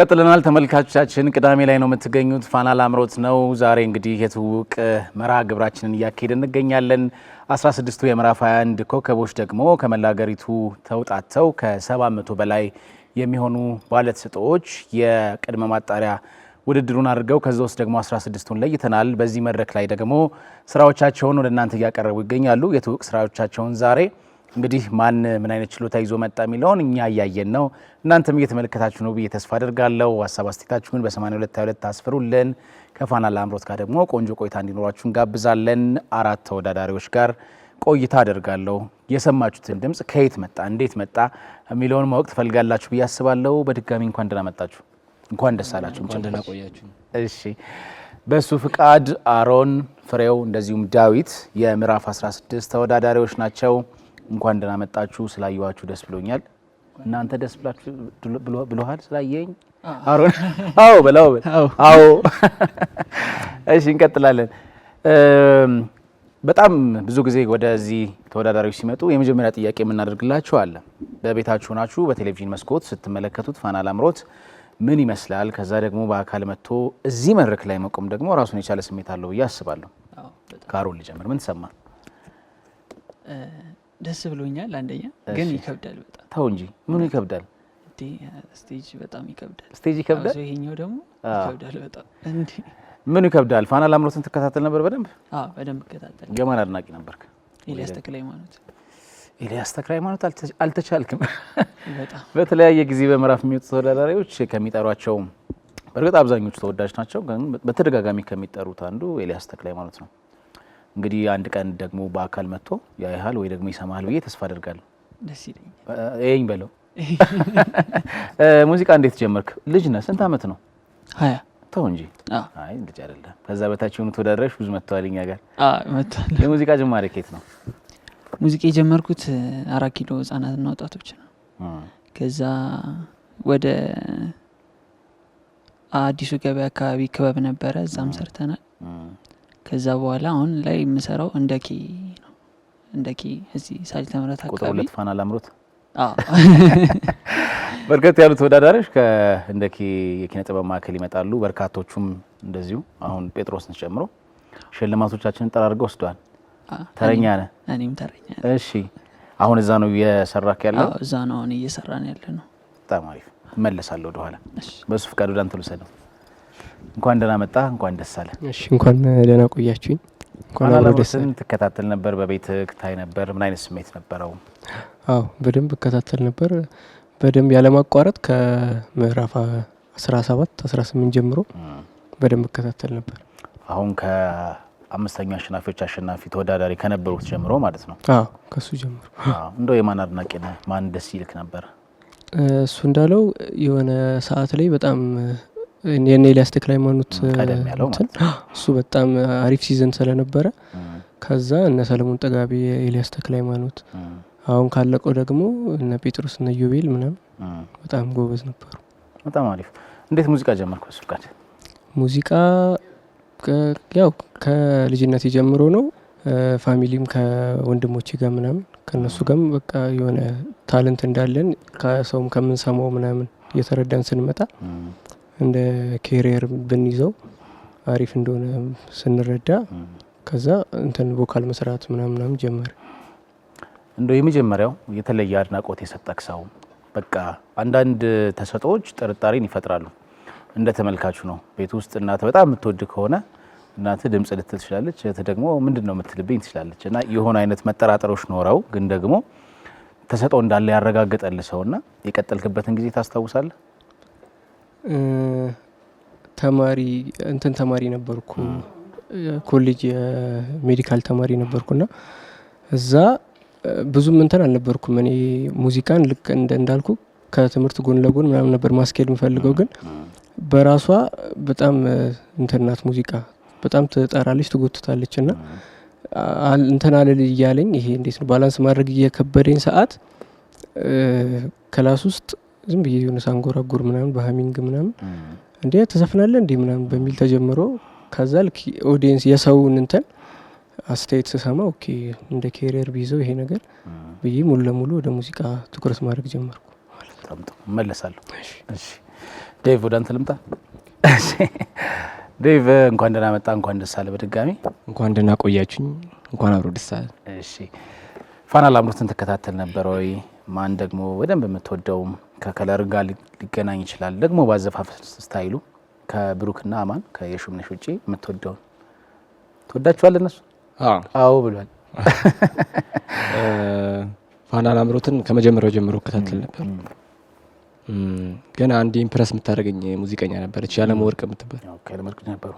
ቀጥለናል ተመልካቾቻችን። ቅዳሜ ላይ ነው የምትገኙት። ፋና ላምሮት ነው። ዛሬ እንግዲህ የትውውቅ መርሃ ግብራችንን እያካሄደ እንገኛለን። 16ቱ የምዕራፍ 21 ኮከቦች ደግሞ ከመላ አገሪቱ ተውጣተው ከ700 በላይ የሚሆኑ ባለተሰጥኦዎች የቅድመ ማጣሪያ ውድድሩን አድርገው ከዚ ውስጥ ደግሞ 16ቱን ለይተናል። በዚህ መድረክ ላይ ደግሞ ስራዎቻቸውን ወደ እናንተ እያቀረቡ ይገኛሉ። የትውውቅ ስራዎቻቸውን ዛሬ እንግዲህ ማን ምን አይነት ችሎታ ይዞ መጣ የሚለውን እኛ እያየን ነው፣ እናንተም እየተመለከታችሁ ነው ብዬ ተስፋ አደርጋለሁ ሀሳብ አስቴታችሁን በ8222 አስፍሩልን። ከፋና ላምሮት ጋር ደግሞ ቆንጆ ቆይታ እንዲኖራችሁ እንጋብዛለን። አራት ተወዳዳሪዎች ጋር ቆይታ አደርጋለሁ። የሰማችሁትን ድምፅ ከየት መጣ፣ እንዴት መጣ የሚለውን ማወቅ ትፈልጋላችሁ ብዬ አስባለሁ። በድጋሚ እንኳን ደህና መጣችሁ፣ እንኳን ደስ አላችሁ፣ እንኳን ደህና ቆያችሁ። እሺ በእሱ ፍቃድ አሮን ፍሬው፣ እንደዚሁም ዳዊት የምዕራፍ 16 ተወዳዳሪዎች ናቸው። እንኳን ደህና መጣችሁ፣ ስላየዋችሁ ደስ ብሎኛል። እናንተ ደስ ብላችሁ ብሎሃል ስላየኝ? አዎ በላው። አዎ እሺ፣ እንቀጥላለን። በጣም ብዙ ጊዜ ወደዚህ ተወዳዳሪዎች ሲመጡ የመጀመሪያ ጥያቄ የምናደርግላችሁ አለ። በቤታችሁ ናችሁ፣ በቴሌቪዥን መስኮት ስትመለከቱት ፋና ላምሮት ምን ይመስላል? ከዛ ደግሞ በአካል መጥቶ እዚህ መድረክ ላይ መቆም ደግሞ ራሱን የቻለ ስሜት አለው ብዬ አስባለሁ። ካሮል ልጀምር፣ ምን ተሰማ? ደስ ብሎኛል። አንደኛ ግን ይከብዳል በጣም ተው እንጂ ምኑ ይከብዳል? ስቴጅ በጣም ይከብዳል። ስቴጅ ይከብዳል። ይሄኛው ደግሞ ይከብዳል በጣም እንዴ ምኑ ይከብዳል? ፋና ላምሮትን ትከታተል ነበር በደንብ? አዎ በደንብ እከታተል። የማን አድናቂ ነበርክ? ኤልያስ ተክለ ሃይማኖት። ኤልያስ ተክለ ሃይማኖት አልተቻልክም። በጣም በተለያየ ጊዜ በምዕራፍ የሚወጡ ተወዳዳሪዎች ከሚጠሯቸው በእርግጥ አብዛኞቹ ተወዳጅ ናቸው፣ ግን በተደጋጋሚ ከሚጠሩት አንዱ ኤልያስ ተክለ ሃይማኖት ነው። እንግዲህ አንድ ቀን ደግሞ በአካል መጥቶ ያይሃል ወይ ደግሞ ይሰማሃል ብዬ ተስፋ አደርጋለሁ። ደስ ይለኛል። ይሄኝ በለው። ሙዚቃ እንዴት ጀመርክ? ልጅ ነህ? ስንት አመት ነው? ሀያ ተው እንጂ። አይ ልጅ አይደለም። ከዛ በታች የሆኑ ተወዳዳሪዎች ብዙ መጥተዋል እኛ ጋር የሙዚቃ ጅማሬ ኬት ነው? ሙዚቃ የጀመርኩት አራት ኪሎ ህጻናትና ወጣቶች ነው። ከዛ ወደ አዲሱ ገበያ አካባቢ ክበብ ነበረ፣ እዛም ሰርተናል። ከዛ በኋላ አሁን ላይ የምሰራው እንደ ኬ ነው። እንደ ኬ እዚህ ሳሊተ ምሕረት አካባቢ ሁለት ፋና ላምሮት በርከት ያሉ ተወዳዳሪዎች እንደ ኬ የኪነ ጥበብ ማዕከል ይመጣሉ። በርካቶቹም እንደዚሁ አሁን ጴጥሮስን ጨምሮ ሽልማቶቻችንን ጠራርገው ወስደዋል። ተረኛ ነህ? እኔም ተረኛ እሺ፣ አሁን እዛ ነው እየሰራክ ያለው? እዛ ነው አሁን እየሰራን ያለ ነው። በጣም አሪፍ። እመለሳለሁ ወደኋላ። በሱ ፍቃድ ወደ አንተ ልውሰደው እንኳን ደህና መጣ፣ እንኳን ደስ አለ። እሺ፣ እንኳን ደህና ቆያችሁኝ። እንኳን አብሮ ደስ አለ። ትከታተል ነበር፣ በቤት ክታይ ነበር። ምን አይነት ስሜት ነበረው? አዎ፣ በደንብ እከታተል ነበር፣ በደንብ ያለማቋረጥ ከምዕራፍ 17 18 ጀምሮ በደንብ እከታተል ነበር። አሁን ከአምስተኛው አሸናፊዎች አሸናፊ ተወዳዳሪ ከነበሩት ጀምሮ ማለት ነው? አዎ፣ ከሱ ጀምሮ። እንደው የማን አድናቂ ነህ? ማን ደስ ይልክ ነበር? እሱ እንዳለው የሆነ ሰዓት ላይ በጣም የኔሊያስ ተክለ ሃይማኖት እሱ በጣም አሪፍ ሲዘን ስለነበረ ከዛ እነ ሰለሞን ጠጋቢ፣ የኤልያስ ተክለ ሃይማኖት አሁን ካለቀው ደግሞ እነ ጴጥሮስ እነ ዮቤል ምናም በጣም ጎበዝ ነበሩ። በጣም አሪፍ። እንዴት ሙዚቃ ጀመርኩ በሱልቃድ ሙዚቃ ያው ከልጅነት ጀምሮ ነው። ፋሚሊም ከወንድሞቼ ጋር ምናምን ከእነሱ ጋም በቃ የሆነ ታለንት እንዳለን ከሰውም ከምንሰማው ምናምን እየተረዳን ስንመጣ እንደ ኬሪየር ብንይዘው አሪፍ እንደሆነ ስንረዳ ከዛ እንትን ቮካል መስራት ምናምናም ጀመር። እንደ የመጀመሪያው የተለየ አድናቆት የሰጠክ ሰው በቃ አንዳንድ ተሰጦዎች ጥርጣሬን ይፈጥራሉ። እንደ ተመልካቹ ነው። ቤት ውስጥ እናት በጣም የምትወድ ከሆነ እናት ድምፅ ልትል ትችላለች፣ እህት ደግሞ ምንድን ነው የምትልብኝ ትችላለች። እና የሆነ አይነት መጠራጠሮች ኖረው ግን ደግሞ ተሰጦ እንዳለ ያረጋገጠልህ ሰውና የቀጠልክበትን ጊዜ ታስታውሳለህ? ተማሪ እንትን ተማሪ ነበርኩ፣ ኮሌጅ የሜዲካል ተማሪ ነበርኩ እዛ ብዙም እንትን አልነበርኩም። እኔ ሙዚቃን ልክ እንዳልኩ ከትምህርት ጎን ለጎን ምናምን ነበር ማስኬድ የምፈልገው፣ ግን በራሷ በጣም እንትናት ሙዚቃ በጣም ትጠራለች፣ ትጎትታለች እና እንትን አልል እያለኝ ይሄ እንዴት ነው ባላንስ ማድረግ እየከበደኝ ሰዓት ክላስ ውስጥ ዝም ብዬ የሆነ ሳንጎራጉር ምናምን በሀሚንግ ምናምን እንዴ ተዘፍናለ እንዲ ምናምን በሚል ተጀምሮ ከዛ ልክ ኦዲየንስ የሰውን እንትን አስተያየት ስሰማ ኦኬ እንደ ኬሪየር ቢይዘው ይሄ ነገር ብዬ ሙሉ ለሙሉ ወደ ሙዚቃ ትኩረት ማድረግ ጀመርኩ። መለሳለሁ። ዴቭ ወደ አንተ ልምጣ። ዴቭ እንኳን ደህና መጣ፣ እንኳን ደስ አለ። በድጋሚ እንኳን ደህና ቆያችኝ እንኳን አብሮ ደስ አለ። አምሮትን ፋና ላምሮትን ትከታተል ነበር ወይ? ማን ደግሞ በደንብ የምትወደውም ከከለር ጋር ሊገናኝ ይችላል። ደግሞ ባዘፋፈን ስታይሉ ከብሩክና አማን ከየሹምነሽ ውጪ የምትወደው ትወዳችኋል? እነሱ አዎ ብሏል። ፋናን አምሮትን ከመጀመሪያው ጀምሮ እከታተል ነበር። ገና አንድ ኢምፕረስ የምታደርገኝ ሙዚቀኛ ነበረች ወርቅ የምትባል ነበሩ።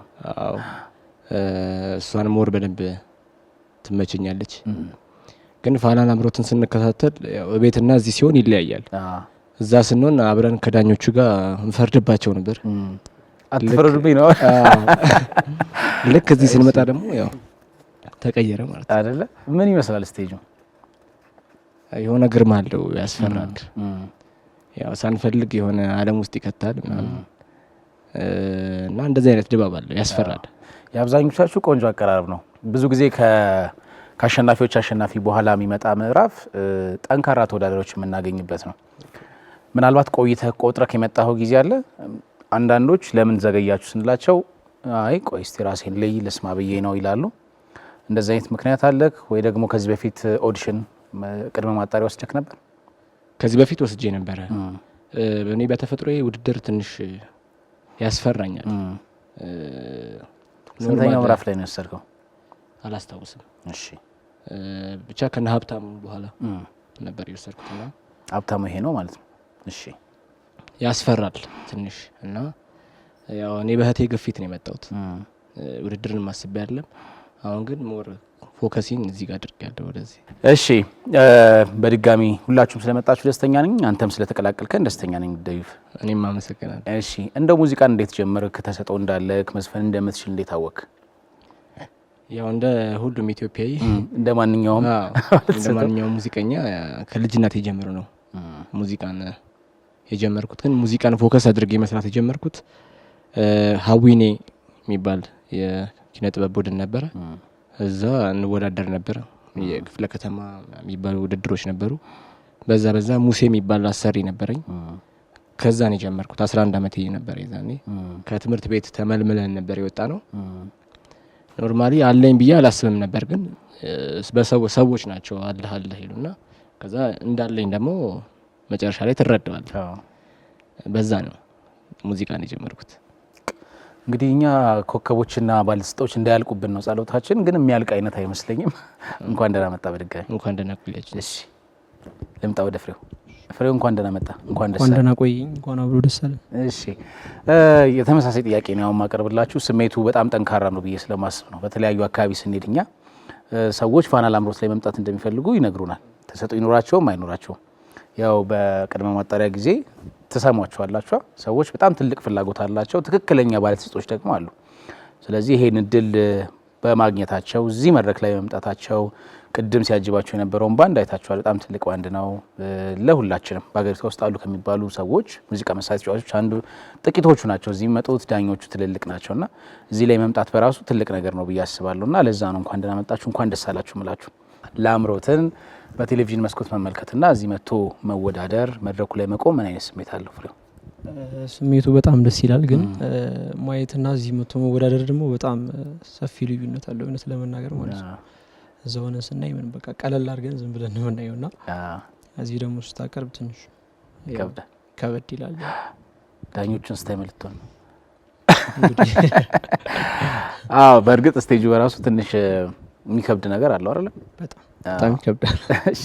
እሷን ሞር በደንብ ትመቸኛለች። ግን ፋናን አምሮትን ስንከታተል ቤትና እዚህ ሲሆን ይለያያል። እዛ ስንሆን አብረን ከዳኞቹ ጋር እንፈርድባቸው ነበር። አትፈርዱብኝ ነው። ልክ እዚህ ስንመጣ ደግሞ ያው ተቀየረ ማለት አይደለ? ምን ይመስላል ስቴጁ? የሆነ ግርማ አለው፣ ያስፈራል። ያው ሳንፈልግ የሆነ አለም ውስጥ ይከታል እና እንደዚህ አይነት ድባብ አለው፣ ያስፈራል። የአብዛኞቻችሁ ቆንጆ አቀራረብ ነው ብዙ ጊዜ ከአሸናፊዎች አሸናፊ በኋላ የሚመጣ ምዕራፍ ጠንካራ ተወዳዳሪዎች የምናገኝበት ነው። ምናልባት ቆይተህ ቆጥረክ የመጣኸው ጊዜ አለ። አንዳንዶች ለምን ዘገያችሁ ስንላቸው አይ ቆይ እስቲ ራሴን ልይ ልስማ ብዬ ነው ይላሉ። እንደዚህ አይነት ምክንያት አለክ ወይ? ደግሞ ከዚህ በፊት ኦዲሽን ቅድመ ማጣሪያ ወስደክ ነበር? ከዚህ በፊት ወስጄ ነበረ። እኔ በተፈጥሮ ውድድር ትንሽ ያስፈራኛል። ስንተኛው ምዕራፍ ላይ ነው የወሰድከው? አላስታውስም። እሺ ብቻ ከነ ሀብታሙ በኋላ ነበር የወሰድኩትና ሀብታሙ ይሄ ነው ማለት ነው። እሺ ያስፈራል ትንሽ እና ያው እኔ በህቴ ግፊት ነው የመጣሁት። ውድድርን ማስቤ አይደለም። አሁን ግን ሞር ፎከሲን እዚህ ጋር ያለው ወደዚህ። እሺ በድጋሚ ሁላችሁም ስለመጣችሁ ደስተኛ ነኝ። አንተም ስለተቀላቀልከን ደስተኛ ነኝ ደዩፍ። እኔም አመሰግናለሁ። እሺ እንደ ሙዚቃን እንዴት ጀመርክ? ተሰጠው እንዳለክ መዝፈን እንደምትችል እንዴት አወክ? ያው እንደ ሁሉም ኢትዮጵያዊ እንደ ማንኛውም እንደ ማንኛውም ሙዚቀኛ ከልጅነት የጀምር ነው ሙዚቃን የጀመርኩት። ግን ሙዚቃን ፎከስ አድርጌ መስራት የጀመርኩት ሀዊኔ የሚባል የኪነ ጥበብ ቡድን ነበረ። እዛ እንወዳደር ነበረ። የክፍለ ከተማ የሚባሉ ውድድሮች ነበሩ። በዛ በዛ ሙሴ የሚባል አሰሪ ነበረኝ። ከዛ የጀመርኩት። አስራ አንድ አመት ነበር ዛኔ ከትምህርት ቤት ተመልምለን ነበር የወጣ ነው ኖርማሊ አለኝ ብዬ አላስብም ነበር፣ ግን ሰዎች ናቸው አለህ አለህ ይሉና ከዛ እንዳለኝ ደግሞ መጨረሻ ላይ ትረዳዋል። በዛ ነው ሙዚቃን የጀመርኩት። እንግዲህ እኛ ኮከቦችና ባለስጦች እንዳያልቁብን ነው ጸሎታችን፣ ግን የሚያልቅ አይነት አይመስለኝም። እንኳን ደህና መጣ በድጋሚ እንኳን ደህና ቆያችሁ። እሺ ልምጣ ወደ ፍሬው ፍሬው እንኳን ደህና መጣ። እንኳን ደስ ደህና ቆይኝ። እንኳን አብሮ ደስ እሺ፣ የተመሳሳይ ጥያቄ ነው ማቀርብላችሁ። ስሜቱ በጣም ጠንካራ ነው ብዬ ስለማስብ ነው። በተለያዩ አካባቢ ስንሄድ እኛ ሰዎች ፋና ላምሮት ላይ መምጣት እንደሚፈልጉ ይነግሩናል። ተሰጥኦ ይኖራቸውም አይኖራቸውም። ያው በቅድመ ማጣሪያ ጊዜ ትሰሟቸዋላችሁ። ሰዎች በጣም ትልቅ ፍላጎት አላቸው። ትክክለኛ ባለተሰጦች ደግሞ አሉ። ስለዚህ ይሄን እድል በማግኘታቸው እዚህ መድረክ ላይ መምጣታቸው ቅድም ሲያጅባቸው የነበረውን ባንድ አይታችኋል። በጣም ትልቅ ባንድ ነው። ለሁላችንም በሀገሪቷ ውስጥ አሉ ከሚባሉ ሰዎች ሙዚቃ መሳሪያ ተጫዋቾች አንዱ ጥቂቶቹ ናቸው። እዚህ መጡት ዳኞቹ ትልልቅ ናቸውና እዚህ ላይ መምጣት በራሱ ትልቅ ነገር ነው ብዬ አስባለሁና ለዛ ነው እንኳን ደህና መጣችሁ እንኳን ደስ አላችሁ ምላችሁ ለአምሮትን በቴሌቪዥን መስኮት መመልከትና እዚህ መጥቶ መወዳደር መድረኩ ላይ መቆም ምን አይነት ስሜት አለው? ፍሬው ስሜቱ በጣም ደስ ይላል፣ ግን ማየትና እዚህ መጥቶ መወዳደር ደግሞ በጣም ሰፊ ልዩነት አለው እውነት ለመናገር ማለት ነው። እዛ ሆነ ስናይ ምን በቃ ቀለል አድርገን ዝም ብለን ነው የምናየው እና እዚህ ደግሞ ስታቀርብ ትንሽ ከበድ ይላል። ዳኞቹን ስታይ መልቶ ነው አዎ። በእርግጥ ስቴጁ በራሱ ትንሽ የሚከብድ ነገር አለው አይደለ? በጣም ይከብዳል። እሺ፣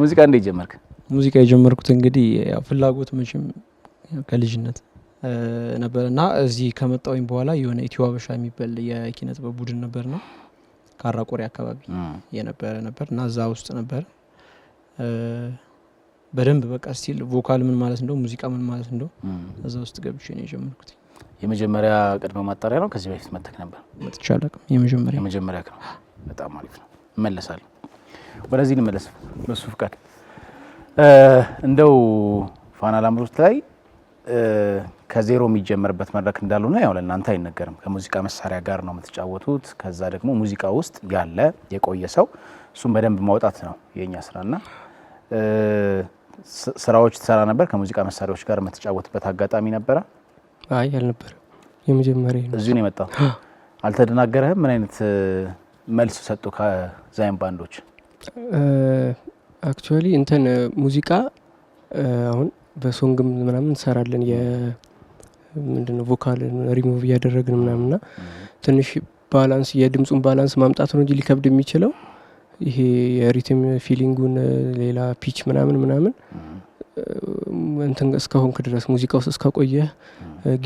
ሙዚቃ እንዴት ጀመርክ? ሙዚቃ የጀመርኩት እንግዲህ ፍላጎት መቼም ከልጅነት ነበር እና እዚህ ከመጣሁኝ በኋላ የሆነ ኢትዮ ሀበሻ የሚባል ቡድን ነበር ነው ካራቆሪ አካባቢ የነበረ ነበር እና እዛ ውስጥ ነበር በደንብ በቃ ስቲል ቮካል ምን ማለት እንደው ሙዚቃ ምን ማለት እንደው እዛ ውስጥ ገብቼ ነው የጀመርኩት። የመጀመሪያ ቅድመ ማጣሪያ ነው። ከዚህ በፊት መተክ ነበር መጥቻለቅ የመጀመሪያ የመጀመሪያ ነው። በጣም አሪፍ ነው። እመለሳለሁ ወደዚህ ልመለስ በሱ ፍቃድ እንደው ፋና ላምሮት ላይ ከዜሮ የሚጀመርበት መድረክ እንዳልሆነ ያው ለእናንተ አይነገርም። ከሙዚቃ መሳሪያ ጋር ነው የምትጫወቱት። ከዛ ደግሞ ሙዚቃ ውስጥ ያለ የቆየ ሰው እሱም በደንብ ማውጣት ነው የእኛ ስራና ስራዎች ትሰራ ነበር። ከሙዚቃ መሳሪያዎች ጋር የምትጫወትበት አጋጣሚ ነበረ? አይ አልነበረ። የመጀመሪያ እዚሁ ነው የመጣው። አልተደናገረህም? ምን አይነት መልስ ሰጡ ከዛይን ባንዶች? አክቹዋሊ እንትን ሙዚቃ አሁን በሶንግም ምናምን እንሰራለን ምንድነው ቮካል ሪሙቭ እያደረግን ምናምን ና ትንሽ ባላንስ የድምፁን ባላንስ ማምጣት ነው እንጂ ሊከብድ የሚችለው ይሄ የሪትም ፊሊንጉን ሌላ ፒች ምናምን ምናምን እንትን እስከሆንክ ድረስ ሙዚቃ ውስጥ እስከቆየ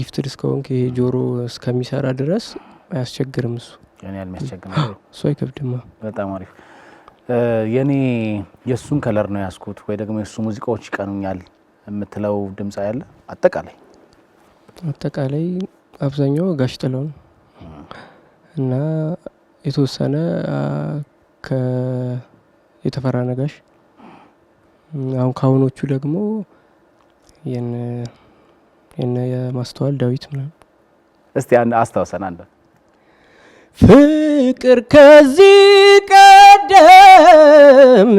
ጊፍትድ እስከሆንክ ይሄ ጆሮ እስከሚሰራ ድረስ አያስቸግርም። እሱ እሱ አይከብድማ። በጣም አሪፍ። የእኔ የእሱን ከለር ነው ያስኩት ወይ ደግሞ የእሱ ሙዚቃዎች ይቀኑኛል የምትለው ድምፅ ያለ አጠቃላይ አጠቃላይ አብዛኛው ጋሽ ጥለውን እና የተወሰነ የተፈራ ነጋሽ አሁን ከአሁኖቹ ደግሞ የነ የማስተዋል ዳዊት ምናምን እስቲ አንድ አስታውሰን አንድ ፍቅር ከዚህ ቀደም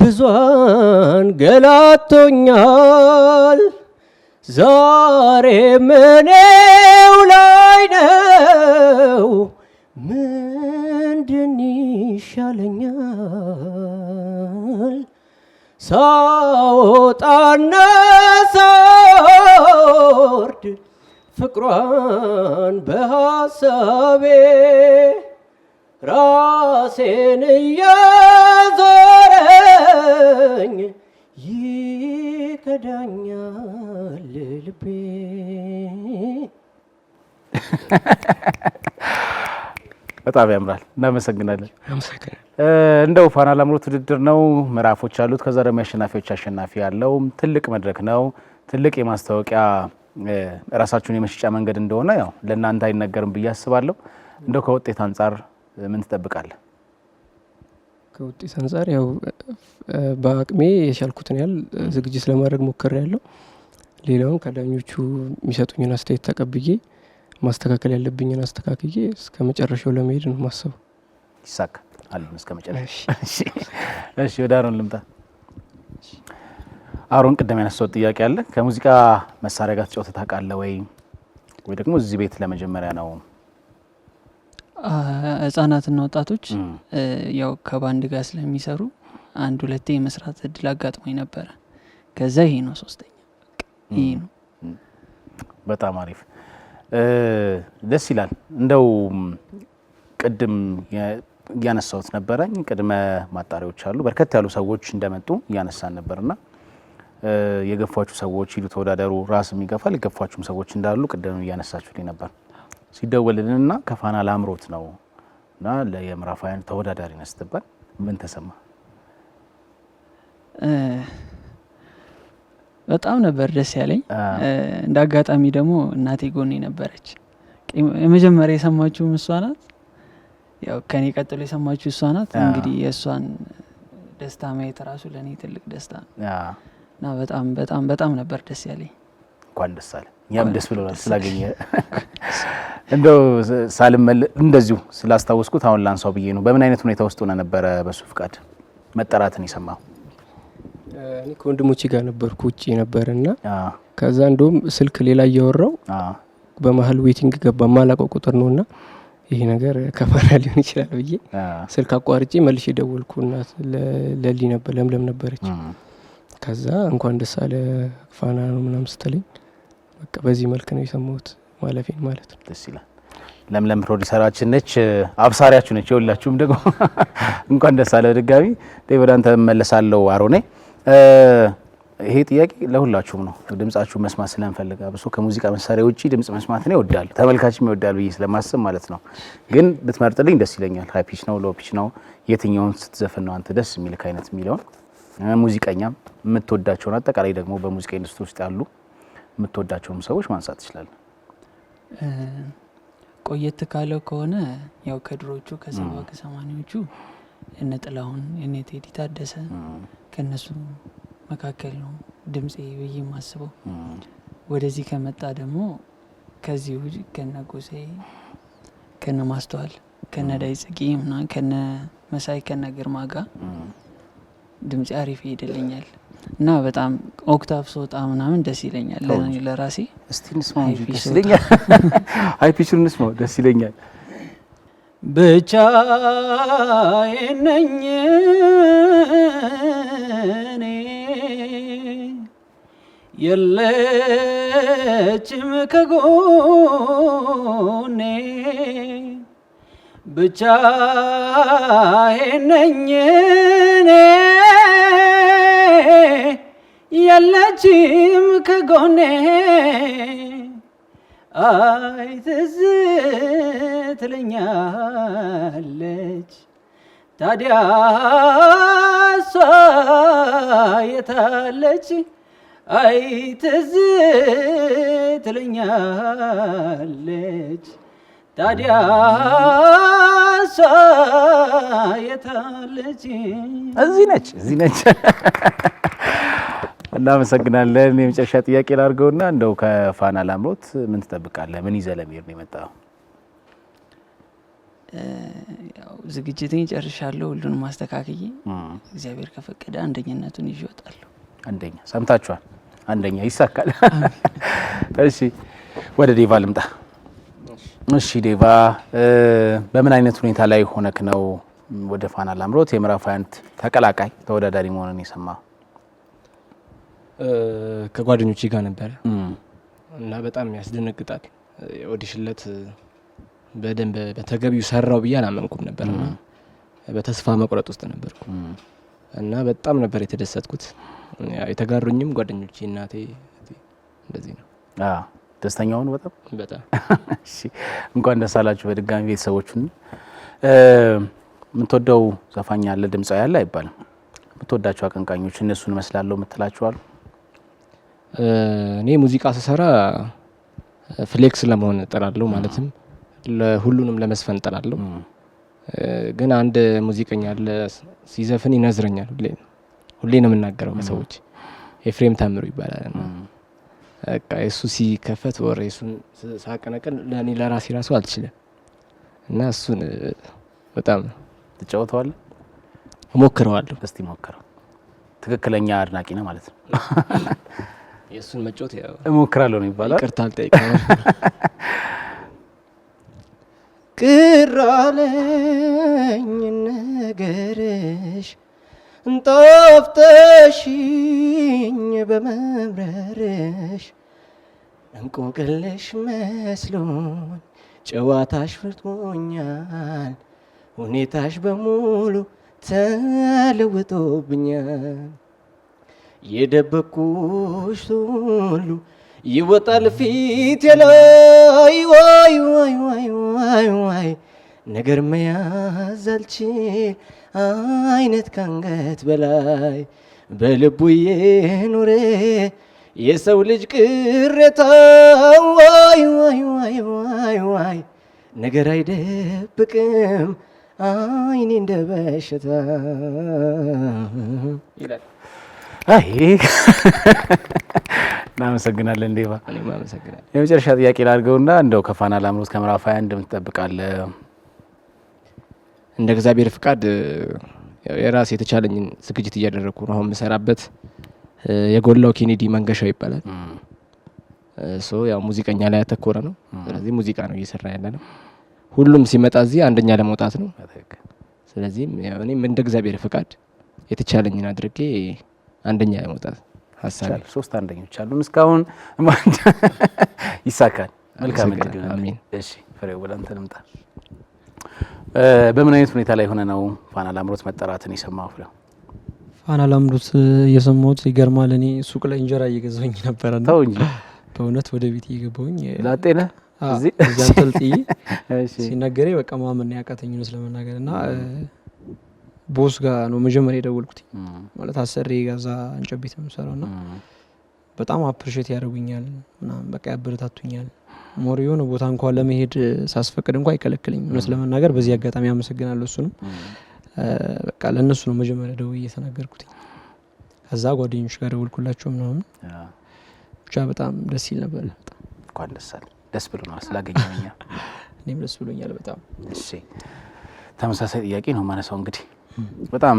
ብዙን ገላቶኛል ዛሬ ምኔው ላይ ነው? ምንድን ይሻለኛል? ሳወጣና ሳወርድ ፍቅሯን በሀሳቤ ራሴን እያዞረኝ ይከዳኛል ልቤ። በጣም ያምራል። እናመሰግናለን። እንደው ፋና ላምሮት ውድድር ነው፣ ምዕራፎች አሉት። ከዛ ደግሞ የአሸናፊዎች አሸናፊ ያለው ትልቅ መድረክ ነው። ትልቅ የማስታወቂያ ራሳችሁን የመሸጫ መንገድ እንደሆነ ያው ለእናንተ አይነገርም ብዬ አስባለሁ። እንደው ከውጤት አንጻር ምን ትጠብቃለህ? ከውጤት አንጻር ያው በአቅሜ የቻልኩትን ያህል ዝግጅት ለማድረግ ሞክሬ ያለው ሌላውን ከዳኞቹ የሚሰጡኝን አስተያየት ተቀብዬ ማስተካከል ያለብኝን አስተካክዬ እስከ መጨረሻው ለመሄድ ነው ማሰቡ። ይሳካ አለን እስከ መጨረሻ። እሺ ወደ አሮን ልምጣ። አሮን ቅድም ያነሳው ጥያቄ አለ። ከሙዚቃ መሳሪያ ጋር ተጫውተህ ታውቃለህ ወይ? ወይ ደግሞ እዚህ ቤት ለመጀመሪያ ነው ህጻናትና ወጣቶች ያው ከባንድ ጋር ስለሚሰሩ አንድ ሁለቴ የመስራት እድል አጋጥሞኝ ነበረ። ከዛ ይሄ ነው ሶስተኛ ይሄ ነው። በጣም አሪፍ ደስ ይላል። እንደው ቅድም እያነሳሁት ነበረኝ ቅድመ ማጣሪያዎች አሉ። በርከት ያሉ ሰዎች እንደመጡ እያነሳን ነበርና የገፏችሁ ሰዎች ሂዱ ተወዳደሩ፣ ራስም ይገፋል የገፏችሁም ሰዎች እንዳሉ ቅድም እያነሳችሁ ነበር። ሲደወልልንና ከፋና ላምሮት ነው እና ለየምራፋያን ተወዳዳሪ ነህ ስትባል ምን ተሰማ? በጣም ነበር ደስ ያለኝ። እንደ አጋጣሚ ደግሞ እናቴ ጎኔ ነበረች። የመጀመሪያ የሰማችውም እሷ ናት። ያው ከኔ ቀጥሎ የሰማችሁ እሷ ናት። እንግዲህ የእሷን ደስታ ማየት ራሱ ለእኔ ትልቅ ደስታ ነው እና በጣም በጣም በጣም ነበር ደስ ያለኝ። እንኳን ደስ አለ። እኛም ደስ ብሎናል ስላገኘ እንደው ሳልመለ እንደዚሁ ስላስታወስኩት አሁን ላንሳው ብዬ ነው። በምን አይነት ሁኔታ ውስጥ ሆነ ነበረ በሱ ፍቃድ መጠራትን የሰማው? እኔ ከወንድሞቼ ጋር ነበርኩ ውጭ ነበርና ከዛ እንደውም ስልክ ሌላ እያወራው በመሀል ዌቲንግ ገባ። ማላውቀው ቁጥር እና ይሄ ነገር ከፋና ሊሆን ይችላል ብዬ ስልክ አቋርጬ መልሼ ደወልኩ። እናት ለሊ ነበር ለምለም ነበረች። ከዛ እንኳን ደስ አለ ፋና ነው ምናምን ስትለኝ በቃ በዚህ መልክ ነው የሰማሁት። ማለፌን ማለት ነው። ደስ ይላል። ለምለም ፕሮዲሰራችን ነች፣ አብሳሪያችሁ ነች። የሁላችሁም ደግሞ እንኳን ደስ አለ። ድጋሚ ወደ አንተ መለሳለሁ። አሮኔ ይሄ ጥያቄ ለሁላችሁም ነው። ድምጻችሁ መስማት ስለምፈልግ ብሶ ከሙዚቃ መሳሪያ ውጭ ድምጽ መስማት ነው ይወዳል፣ ተመልካችም ይወዳል ብዬ ስለማስብ ማለት ነው። ግን ብትመርጥልኝ ደስ ይለኛል። ሀይ ፒች ነው፣ ሎው ፒች ነው፣ የትኛውን ስትዘፍን ነው አንተ ደስ የሚልክ አይነት የሚለውን ሙዚቀኛም የምትወዳቸውን አጠቃላይ ደግሞ በሙዚቃ ኢንዱስትሪ ውስጥ ያሉ የምትወዳቸውም ሰዎች ማንሳት ትችላለን። ቆየት ካለው ከሆነ ያው ከድሮቹ ከሰባ ከሰማኒዎቹ እነ ጥላሁን እነ ቴዲ ታደሰ ከእነሱ መካከል ነው ድምፄ ብዬ ማስበው ወደዚህ ከመጣ ደግሞ ከዚህ ውጭ ከነ ጎሴ ከነ ማስተዋል ከነ ዳይ ጽጌ ምናምን ከነ መሳይ ከነ ግርማ ጋር ድምፄ አሪፍ ይሄድልኛል እና በጣም ኦክታቭ ስወጣ ምናምን ደስ ይለኛል ለራሴ። እስቲ እንስማው እንጂ ደስ ይለኛል። ሀይ እንስማው ደስ ይለኛል። ብቻዬን ነኝ እኔ የለችም ከጎኔ ብቻዬን ነኝ እኔ የለችም ከጎኔ አይ ትዝ ትለኛለች ታዲያ እሷ የታለች? አይ ትዝ ትለኛለች ታዲያ እሷ የታለች? እዚህ ነች፣ እዚህ ነች። እናመሰግናለን። የመጨረሻ ጥያቄ ላድርገውና እንደው ከፋና ላምሮት ምን ትጠብቃለህ? ምን ይዘህ ለመሄድ ነው የመጣው? ያው ዝግጅትን ጨርሻለሁ። ሁሉንም ማስተካከዬ እግዚአብሔር ከፈቀደ አንደኝነቱን ይዤ እወጣለሁ። አንደኛ ሰምታችኋል። አንደኛ ይሳካል። እሺ፣ ወደ ዴቫ ልምጣ። እሺ ዴቫ፣ በምን አይነት ሁኔታ ላይ ሆነክ ነው ወደ ፋና ላምሮት የምዕራፍ አንድ ተቀላቃይ ተወዳዳሪ መሆኑን የሰማው? ከጓደኞች ጋር ነበረ እና በጣም ያስደነግጣል። ኦዲሽለት በደንብ በተገቢው ሰራው ብዬ አላመንኩም ነበር። በተስፋ መቁረጥ ውስጥ ነበርኩ እና በጣም ነበር የተደሰትኩት። የተጋሩኝም ጓደኞቼ፣ እናቴ እንደዚህ ነው። ደስተኛውን በጣም በጣም እንኳን ደስ አላችሁ በድጋሚ ቤተሰቦቹን። የምትወደው ዘፋኝ አለ ድምፃዊ አለ አይባልም። የምትወዳቸው አቀንቃኞች እነሱን እመስላለሁ የምትላቸዋሉ እኔ ሙዚቃ ስሰራ ፍሌክስ ለመሆን እጠላለሁ፣ ማለትም ለሁሉንም ለመስፈን እጠላለሁ። ግን አንድ ሙዚቀኛ አለ ሲዘፍን ይነዝረኛል። ሁሌ ነው የምናገረው ከሰዎች ኤፍሬም ታምሩ ይባላል። በቃ የእሱ ሲከፈት ወሬ እሱን ሳቀነቀን ለእኔ ለራሴ ራሱ አልችልም እና እሱን በጣም ትጫወተዋለ እሞክረዋለሁ። እስቲ ሞክረው። ትክክለኛ አድናቂ ነው ማለት ነው። የእሱን መጮት እሞክራለሁ ነው ይባላል። ይቅርታ አልጠይቅም። ቅር አለኝ ነገርሽ እንጣፍጠሽኝ በመምረርሽ እንቆቅልሽ መስሎን ጨዋታሽ ፍርቶኛል ሁኔታሽ በሙሉ ተለውጦብኛል። የደበኩሽ ሁሉ ይወጣል ፊቴ ላይ ወይ ነገር መያዝ አልችል አይነት ካንገት በላይ በልቡ የኖረ የሰው ልጅ ቅሬታ ዋይ ነገር አይደብቅም አይኔ እንደ ይላል። እናመሰግናለን። እንዴባ የመጨረሻ ጥያቄ ላድርገውና እንደው ከፋና ላምሮት ከምዕራፍ ሀያ እንደ እግዚአብሔር ፍቃድ የራሴ የተቻለኝን ዝግጅት እያደረግኩ ነው። አሁን የምሰራበት የጎላው ኬኔዲ መንገሻው ይባላል። ያው ሙዚቀኛ ላይ ያተኮረ ነው። ስለዚህ ሙዚቃ ነው እየሰራ ያለ ነው። ሁሉም ሲመጣ እዚህ አንደኛ ለመውጣት ነው። ስለዚህም እኔም እንደ እግዚአብሔር ፍቃድ የተቻለኝን አድርጌ አንደኛ የመውጣት ሀሳብ ሶስት አንደኞች አሉን እስካሁን ይሳካል። መልካም እንግዲህ እሺ፣ ፍሬው ወደ አንተ ልምጣ። በምን አይነት ሁኔታ ላይ ሆነ ነው ፋና ላምሮት መጠራትን የሰማው ፍሬው? ፋና ላምሮት የሰማሁት ይገርማል። እኔ ሱቅ ላይ እንጀራ እየገዛሁኝ ነበረ። ተው እንጂ በእውነት ወደ ቤት እየገባሁኝ ላጤነ እዚህ እዚያን ተልጥዬ ሲነገሬ በቃ ማመን ያቃተኝ ነው ስለመናገር እና ቦስ ጋር ነው መጀመሪያ የደወልኩት ማለት አሰሪ ጋዛ እንጨት ቤት ነው የምሰራው እና በጣም አፕሪሼት ያደርጉኛል ምናምን በቃ ያበረታቱኛል። ሞር የሆነ ቦታ እንኳን ለመሄድ ሳስፈቅድ እንኳ አይከለክልኝ እውነት ለመናገር በዚህ አጋጣሚ አመሰግናለሁ። እሱንም በቃ ለእነሱ ነው መጀመሪያ ደው እየተናገርኩት። ከዛ ጓደኞች ጋር ደወልኩላቸው ምናምን ብቻ በጣም ደስ ይል ነበር። እንኳን ደስ አለ። ደስ ብሎናል ስላገኘኛ። እኔም ደስ ብሎኛል በጣም። እሺ ተመሳሳይ ጥያቄ ነው ማነሳው እንግዲህ በጣም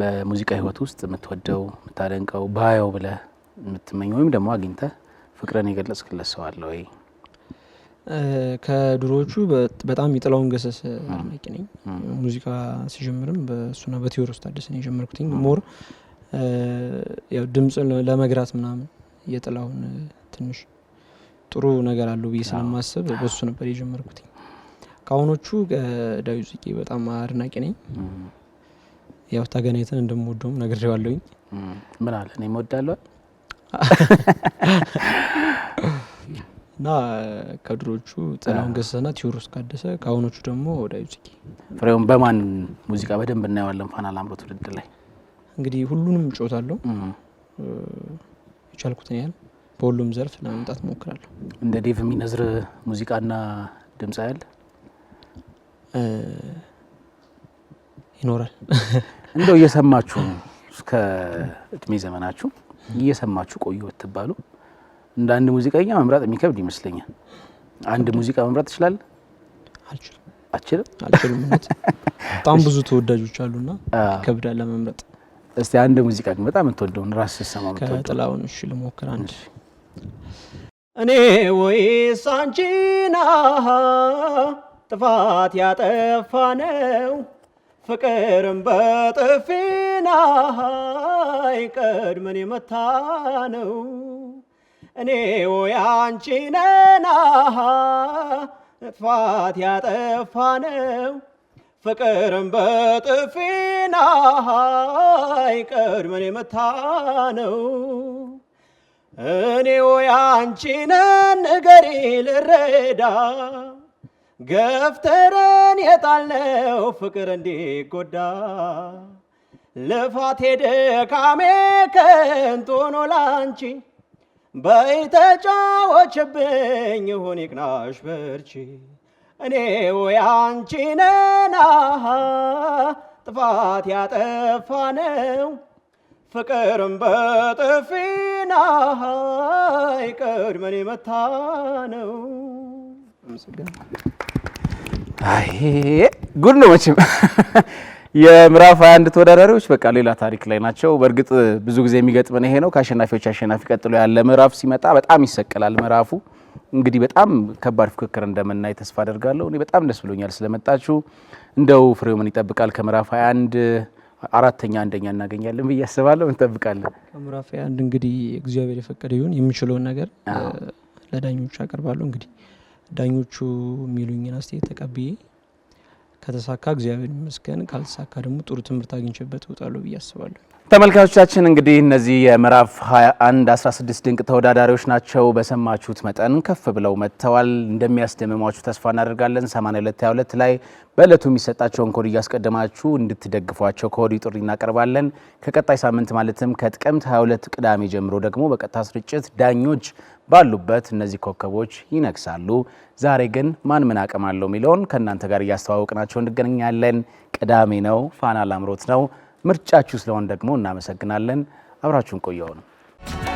በሙዚቃ ህይወት ውስጥ የምትወደው የምታደንቀው ባየው ብለ የምትመኝ ወይም ደግሞ አግኝተ ፍቅረን የገለጽክለት ሰው አለ ወይ? ከድሮዎቹ በጣም የጥላውን ገሰሰ አድናቂ ነኝ። ሙዚቃ ሲጀምርም በእሱና በቴዎድሮስ ታደሰ ነው የጀመርኩትኝ። ሞር ያው ለመግራት ምናምን የጥላውን ትንሽ ጥሩ ነገር አለው ብዬ ስለማስብ በሱ ነበር የጀመርኩትኝ። ከአሁኖቹ ዳዊት ጽጌ በጣም አድናቂ ነኝ። ያው ተገናኝተን እንደምወደውም ነግሬዋለሁኝ። ምን አለ እኔ እወዳለሁ እና ከድሮቹ ጥላሁን ገሰሰና ቴዎድሮስ ካደሰ ከአሁኖቹ ደግሞ ወዳጅ ጽጌ ፍሬውን። በማን ሙዚቃ በደንብ እናየዋለን? ፋና ላምሮት ውድድር ላይ እንግዲህ ሁሉንም እጮታለሁ። የቻልኩትን ያህል በሁሉም ዘርፍ ለመምጣት እሞክራለሁ። እንደ ዴቭ የሚነዝር ሙዚቃና ድምፅ ያለ ይኖራል። እንደው እየሰማችሁ እስከ እድሜ ዘመናችሁ እየሰማችሁ ቆዩ ብትባሉ እንደ አንድ ሙዚቀኛ መምራት የሚከብድ ይመስለኛል። አንድ ሙዚቃ መምራት ትችላለህ? አልችልም አልችልም አልችልም። በጣም ብዙ ተወዳጆች አሉና ይከብዳል ለመምረጥ። እስቲ አንድ ሙዚቃ ግን በጣም የምትወደውን ራስህ ስትሰማ የምትወደውን ከጥላሁን እሺ፣ ልሞክር አንድ እኔ ወይስ አንቺ ነሃ ጥፋት ያጠፋ ነው ፍቅርም በጥፊና ይቀድመን የመታ ነው እኔ ወያንቺነና ጥፋት ያጠፋ ነው ፍቅርም በጥፊና ይቀድመን የመታ ነው እኔ ወያንቺነን ንገሪ ልረዳ ገፍተረን የጣልነው ፍቅር እንዲጎዳ ልፋት ሄደ ካሜ ከንቶኖ ላንቺ በይ ተጫወችብኝ ይቅናሽ በርቺ እኔ ወይ አንቺ ነና ጥፋት ያጠፋ ነው ፍቅርም በጥፊና ይቅድመን መታ ነው። አይ ጉድ ነው መቼም የምዕራፍ 21 ተወዳዳሪዎች በቃ ሌላ ታሪክ ላይ ናቸው። በእርግጥ ብዙ ጊዜ የሚገጥመን ይሄ ነው። ከአሸናፊዎች አሸናፊ ቀጥሎ ያለ ምዕራፍ ሲመጣ በጣም ይሰቀላል ምዕራፉ። እንግዲህ በጣም ከባድ ፉክክር እንደምናይ ተስፋ አደርጋለሁ። እኔ በጣም ደስ ብሎኛል ስለመጣችሁ። እንደው ፍሬው ምን ይጠብቃል? ከምዕራፍ 21 አራተኛ አንደኛ እናገኛለን ብዬ አስባለሁ። እንጠብቃለን። ከምዕራፍ 21 እንግዲህ እግዚአብሔር የፈቀደ ይሁን የምንችለውን ነገር ለዳኞች አቀርባለሁ እንግዲህ ዳኞቹ የሚሉኝን አስተያየት ተቀብዬ ከተሳካ እግዚአብሔር ይመስገን፣ ካልተሳካ ደግሞ ጥሩ ትምህርት አግኝቼበት እወጣለሁ ብዬ አስባለሁ። ተመልካቾቻችን እንግዲህ እነዚህ የምዕራፍ 21 16 ድንቅ ተወዳዳሪዎች ናቸው። በሰማችሁት መጠን ከፍ ብለው መጥተዋል። እንደሚያስደምሟችሁ ተስፋ እናደርጋለን። 8222 ላይ በእለቱ የሚሰጣቸውን ኮድ እያስቀደማችሁ እንድትደግፏቸው ከወዲሁ ጥሪ እናቀርባለን። ከቀጣይ ሳምንት ማለትም ከጥቅምት 22 ቅዳሜ ጀምሮ ደግሞ በቀጥታ ስርጭት ዳኞች ባሉበት እነዚህ ኮከቦች ይነግሳሉ። ዛሬ ግን ማን ምን አቅም አለው የሚለውን ከእናንተ ጋር እያስተዋወቅናቸው እንገናኛለን። ቅዳሜ ነው፣ ፋና ላምሮት ነው። ምርጫችሁ ስለሆን ደግሞ እናመሰግናለን። አብራችሁን ቆየው